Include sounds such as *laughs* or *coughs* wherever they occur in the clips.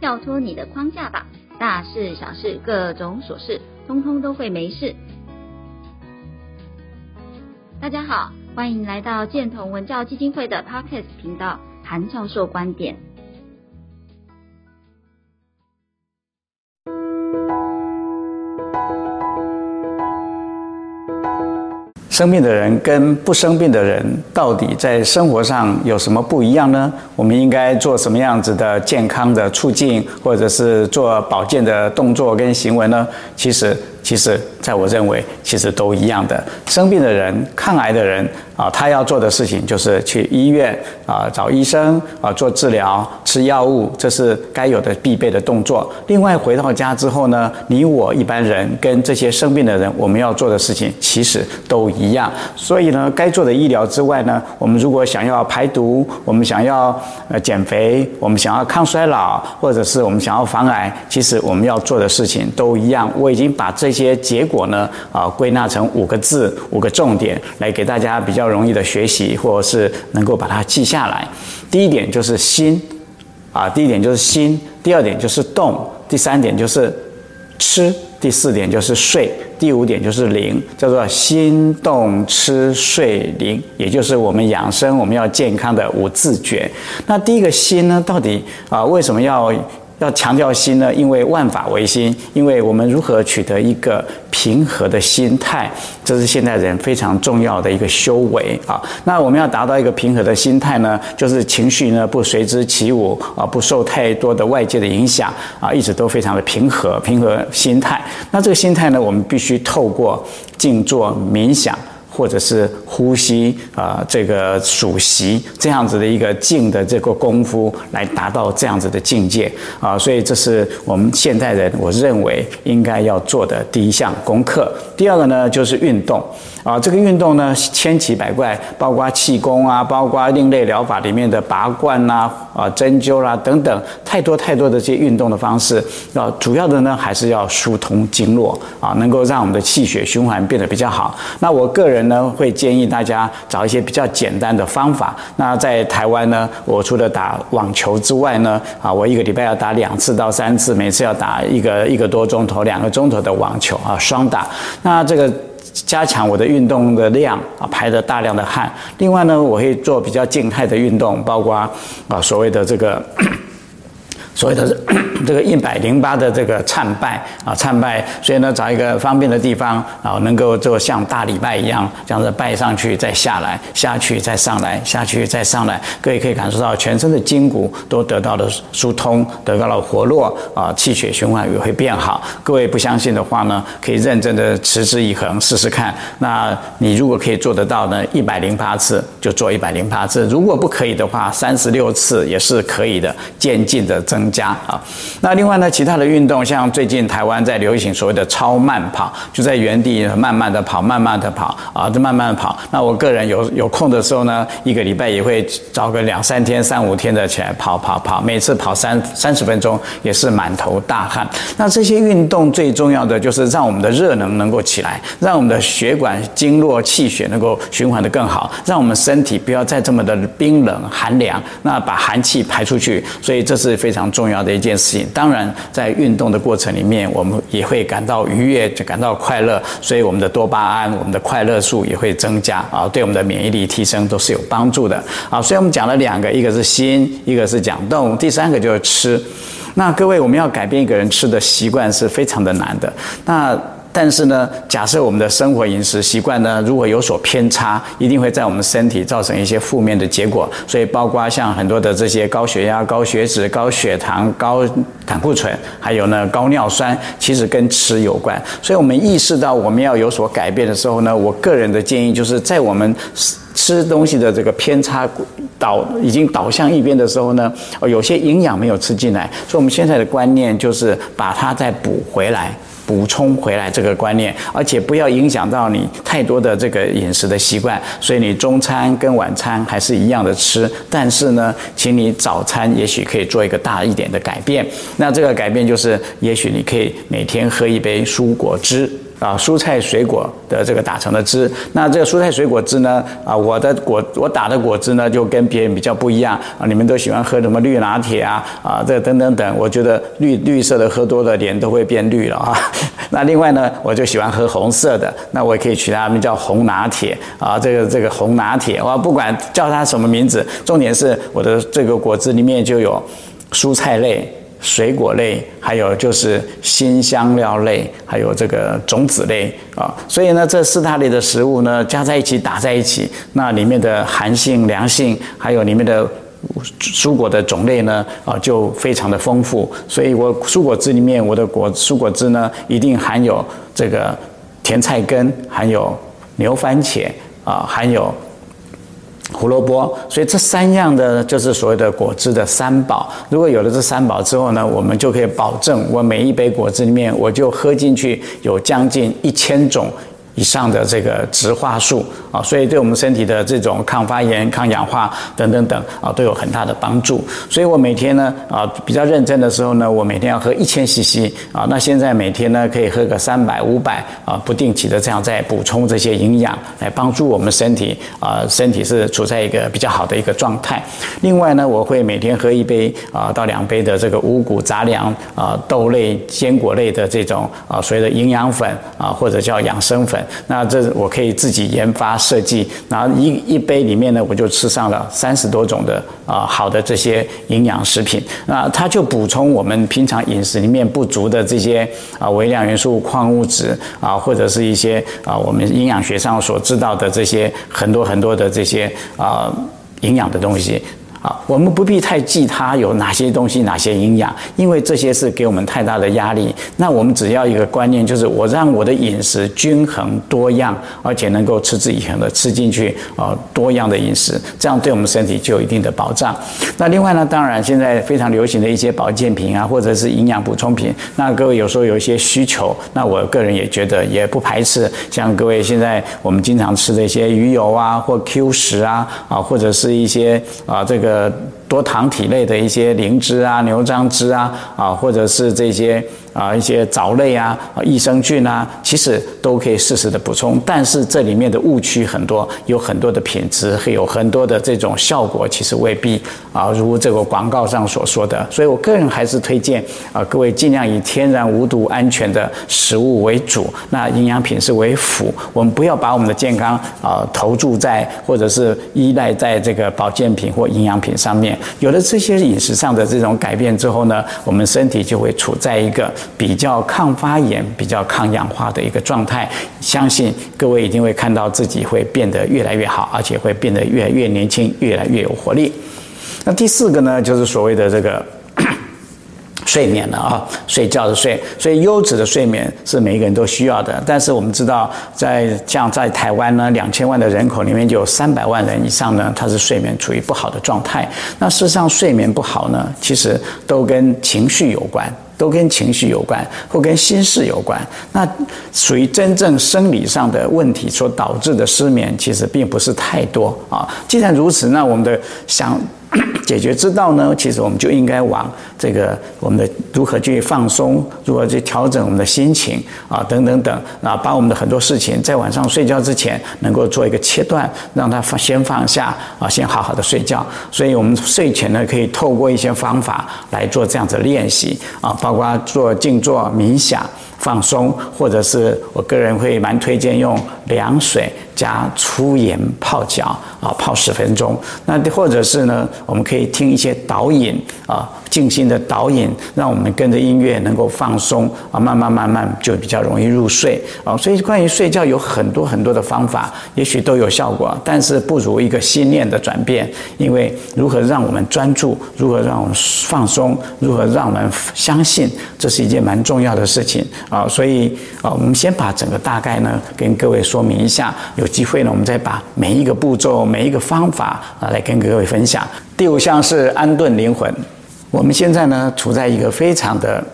跳脫你的框架吧，大事小事各種瑣事，通通都會沒事。大家好，歡迎來到建童文教基金會的 Podcast 頻道，韓教授觀點。生病的人跟不生病的人到底在生活上有什麼不一樣呢？我們應該做什麼樣子的健康的促進，或者是做保健的動作跟行為呢？其實。其實，在我認為，其實都一樣的。生病的人、抗癌的人啊，他要做的事情就是去醫院啊找醫生啊做治療、吃藥物，這是該有的必備的動作。另外，回到家之後呢，你我一般人跟這些生病的人，我們要做的事情其實都一樣。所以呢，該做的醫療之外呢，我們如果想要排毒，我們想要呃減肥，我們想要抗衰老，或者是我們想要防癌，其實我們要做的事情都一樣。我已經把這些。些結果呢啊，歸納成五個字、五個重點來給大家比較容易的學習，或者是能夠把它記下來。第一點就是心，啊，第一點就是心；第二點就是動；第三點就是吃；第四點就是睡；第五點就是靈，叫做心動吃睡靈，也就是我們養生我們要健康的五字訣。那第一個心呢，到底啊為什麼要？要強調心呢，因為萬法唯心，因為我們如何取得一個平和的心態，這是現代人非常重要的一個修為啊。那我們要達到一個平和的心態呢，就是情緒呢不隨之起舞啊，不受太多的外界的影響啊，一直都非常的平和，平和心態。那這個心態呢，我們必須透過靜坐冥想。或者是呼吸啊、呃，這個數息這樣子的一個靜的這個功夫，來達到這樣子的境界啊、呃。所以這是我們現代人，我認為應該要做的第一項功課。第二個呢，就是運動。啊，這個運動呢，千奇百怪，包括氣功啊，包括另類療法裡面的拔罐吶、啊、啊針灸啦、啊、等等，太多太多的這些運動的方式。啊，主要的呢，還是要疏通經絡啊，能夠讓我們的氣血循環變得比較好。那我個人呢，會建議大家找一些比較簡單的方法。那在台灣呢，我除了打網球之外呢，啊，我一個禮拜要打兩次到三次，每次要打一個一個多鐘頭、兩個鐘頭的網球啊，雙打。那這個。加強我的運動的量啊，排的大量的汗。另外呢，我會做比較靜態的運動，包括啊，所謂的這個。所謂的這個一百零八的這個顫拜啊顫拜，所以呢，找一個方便的地方啊，能夠做像大禮拜一樣，這樣子拜上去再下來，下去再上來，下去再上來，各位可以感受到全身的筋骨都得到了疏通，得到了活絡啊，氣血循環也會變好。各位不相信的話呢，可以認真的持之以恆試試看。那你如果可以做得到呢，一百零八次就做一百零八次，如果不可以的話，三十六次也是可以的，漸進的增。加啊，那另外呢，其他的運動像最近台灣在流行所謂的超慢跑，就在原地慢慢的跑，慢慢的跑啊，就慢慢跑。那我個人有有空的時候呢，一個禮拜也會找個兩三天、三五天的起來跑跑跑，每次跑三三十分鐘，也是滿頭大汗。那這些運動最重要的就是讓我們的熱能能夠起來，讓我們的血管、經絡、氣血能夠循環的更好，讓我們身體不要再這麼的冰冷寒涼，那把寒氣排出去。所以這是非常重要的。重要的一件事情，當然在運動的過程裡面，我們也會感到愉悅，就感到快樂，所以我們的多巴胺、我們的快樂素也會增加啊，對我們的免疫力提升都是有幫助的啊。所以，我們講了兩個，一個是心，一個是講動，第三個就是吃。那各位，我們要改變一個人吃的習慣是非常的難的。那但是呢，假設我們的生活飲食習慣呢，如果有所偏差，一定會在我們身體造成一些負面的結果。所以，包括像很多的這些高血壓、高血脂、高血糖、高膽固醇，還有呢，高尿酸，其實跟吃有關。所以，我們意識到我們要有所改變的時候呢，我個人的建議就是在我們吃吃東西的這個偏差導已經導向一邊的時候呢，有些營養沒有吃進來，所以我們現在的觀念就是把它再補回來。補充回來這個觀念，而且不要影響到你太多的這個飲食的習慣。所以你中餐跟晚餐還是一樣的吃，但是呢，請你早餐也許可以做一個大一點的改變。那這個改變就是，也許你可以每天喝一杯蔬果汁。啊，蔬菜水果的這個打成的汁，那這個蔬菜水果汁呢，啊，我的果我打的果汁呢就跟別人比較不一樣啊。你們都喜歡喝什麼綠拿鐵啊？啊，這等等等，我覺得綠綠色的喝多了臉都會變綠了啊。 *laughs* 那另外呢，我就喜歡喝紅色的，那我也可以取它名叫紅拿鐵啊。這個這個紅拿鐵啊，我不管叫它什麼名字，重點是我的這個果汁裡面就有蔬菜類。水果類，還有就是辛香料類，還有這個種子類啊。所以呢，這四大類的食物呢，加在一起，打在一起，那裡面的寒性、涼性，還有裡面的蔬果的種類呢，啊，就非常的豐富。所以我蔬果汁裡面，我的果蔬果汁呢，一定含有這個甜菜根，含有牛番茄啊，含有。胡蘿蔔，所以這三樣的就是所謂的果汁的三寶。如果有了這三寶之後呢，我們就可以保證我每一杯果汁裡面，我就喝進去有將近一千種以上的這個植化素啊，所以對我們身體的這種抗發炎、抗氧化等等等啊，都有很大的幫助。所以我每天呢啊，比較認真的時候呢，我每天要喝一千 CC 啊。那現在每天呢，可以喝個三百、五百啊，不定期的這樣再補充這些營養，來幫助我們身體啊，身體是處在一個比較好的一個狀態。另外呢，我會每天喝一杯啊到兩杯的這個五穀雜糧啊、豆類、堅果類的這種啊，所謂的營養粉啊，或者叫養生粉。那這我可以自己研發設計，然後一一杯裡面呢，我就吃上了三十多種的啊，好的這些營養食品，那它就補充我們平常飲食裡面不足的這些啊微量元素、礦物質啊，或者是一些啊我們營養學上所知道的這些很多很多的這些啊營養的東西。我們不必太記它有哪些東西、哪些營養，因為這些是給我們太大的壓力。那我們只要一個觀念，就是我讓我的飲食均衡、多樣，而且能夠持之以恆的吃進去啊，多樣的飲食，這樣對我們身體就有一定的保障。那另外呢，當然現在非常流行的一些保健品啊，或者是營養補充品，那各位有時候有一些需求，那我個人也覺得也不排斥。像各位現在我們經常吃的一些魚油啊，或 Q10 啊，啊或者是一些啊這個。呃，多糖體類的一些靈芝啊、牛樟芝啊，啊，或者是這些。啊，一些藻類啊、益生菌啊，其實都可以適時的補充，但是這裡面的誤區很多，有很多的品質，會有很多的這種效果，其實未必啊，如這個廣告上所說的。所以我個人還是推薦啊，各位儘量以天然無毒、安全的食物為主，那營養品是為輔。我們不要把我們的健康啊投注在或者是依賴在這個保健品或營養品上面。有了這些飲食上的這種改變之後呢，我們身體就會處在一個，比較抗發炎、比較抗氧化的一個狀態，相信各位一定會看到自己會變得越來越好，而且會變得越來越年輕、越來越有活力。那第四個呢，就是所謂的這個 *coughs* 睡眠了啊，睡覺的睡，所以優質的睡眠是每一個人都需要的。但是我們知道，在像在台灣呢，兩千萬的人口裡面，就有三百萬人以上呢，他是睡眠處於不好的狀態。那事實上，睡眠不好呢，其實都跟情緒有關。都跟情緒有關，或跟心事有關，那屬於真正生理上的問題所導致的失眠，其實並不是太多啊。既然如此，那我們的想解決之道呢，其實我們就應該往這個我們的如何去放鬆，如何去調整我們的心情啊，等等等啊，把我們的很多事情在晚上睡覺之前能夠做一個切斷，讓它放先放下啊，先好好的睡覺。所以我們睡前呢，可以透過一些方法來做這樣子練習啊。包括做靜坐、冥想，放鬆，或者是我個人會蠻推薦用涼水加粗鹽泡腳啊，泡十分鐘。那或者是呢，我們可以聽一些導引啊，靜心的導引，讓我們跟着音樂能夠放鬆啊，慢慢慢慢就比較容易入睡啊。所以關於睡覺有很多很多的方法，也許都有效果，但是不如一個心念的轉變。因為如何讓我們專注，如何讓我們放鬆，如何讓我們相信，這是一件蠻重要的事情啊。所以啊，我們先把整個大概呢，跟各位說明一下。有機會呢，我們再把每一個步驟、每一個方法啊，來跟各位分享。第五項是安頓靈魂。我們現在呢，處在一個非常的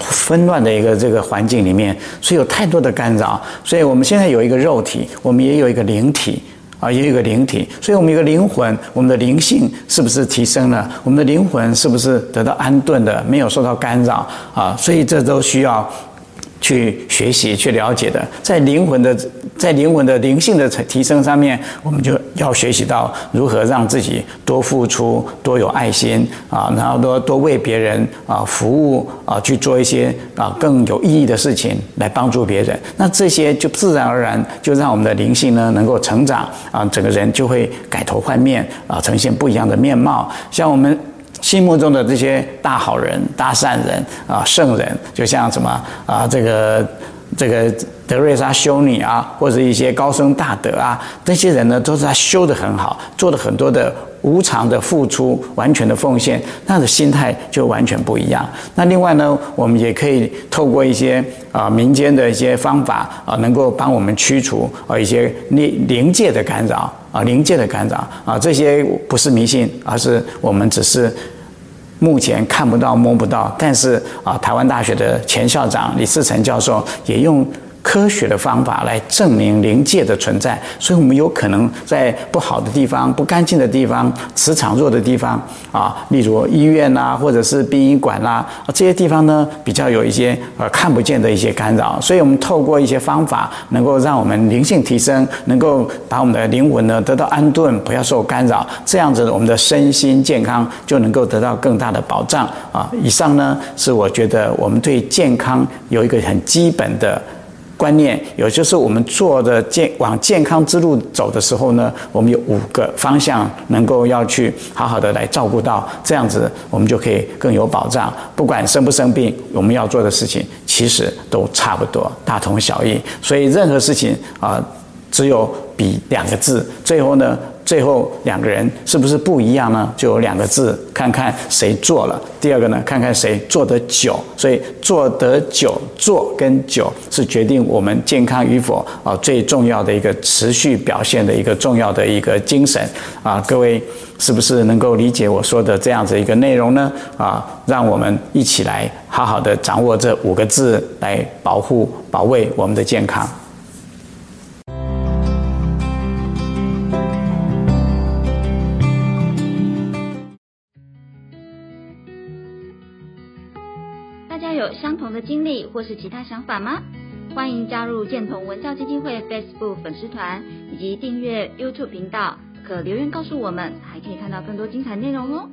紛亂的一個這個環境裡面，所以有太多的干擾。所以我們現在有一個肉體，我們也有一個靈體啊，也有一個靈體。所以，我們一個靈魂，我們的靈性是不是提升了？我們的靈魂是不是得到安頓的，沒有受到干擾啊？所以，這都需要。去學習、去了解的，在靈魂的、在靈魂的靈性的提升上面，我們就要學習到如何讓自己多付出、多有愛心啊，然後多多為別人啊服務啊，去做一些啊更有意義的事情來幫助別人。那這些就自然而然就讓我們的靈性呢能夠成長啊，整個人就會改頭換面啊，呈現不一樣的面貌。像我們。心目中的這些大好人、大善人啊、聖人，就像什麼啊，這個這個德瑞莎修女啊，或者是一些高僧大德啊，這些人呢，都是他修得很好，做了很多的無償的付出，完全的奉獻，那的心態就完全不一樣。那另外呢，我們也可以透過一些啊民間的一些方法啊，能夠幫我們驅除啊一些靈靈界的干擾啊，靈界的干擾啊，這些不是迷信，而是我們只是。目前看不到摸不到，但是啊，台灣大學的前校長李嗣涔教授也用科學的方法來證明靈界的存在，所以我們有可能在不好的地方、不乾淨的地方、磁場弱的地方啊，例如醫院啦、啊，或者是殯儀館啦、啊，這些地方呢比較有一些呃看不見的一些干擾。所以我們透過一些方法，能夠讓我們靈性提升，能夠把我們的靈魂呢得到安頓，不要受干擾。這樣子，我們的身心健康就能夠得到更大的保障啊。以上呢是我覺得我們對健康有一個很基本的。觀念，也就是我們做的健往健康之路走的時候呢，我們有五個方向能夠要去好好的來照顧到，這樣子我們就可以更有保障。不管生不生病，我們要做的事情其實都差不多，大同小異。所以任何事情啊、呃，只有比兩個字，最後呢。最後兩個人是不是不一樣呢？就有兩個字，看看誰做了。第二個呢，看看誰做得久。所以做得久，做跟久是決定我們健康與否啊，最重要的一個持續表現的一個重要的一個精神啊！各位是不是能夠理解我說的這樣子一個內容呢？啊，讓我們一起來好好的掌握這五個字，來保護、保衛我們的健康。大家有相同的經歷或是其他想法嗎？歡迎加入健同文教基金會 Facebook 粉絲團以及訂閱 YouTube 頻道，可留言告訴我們，還可以看到更多精彩內容哦。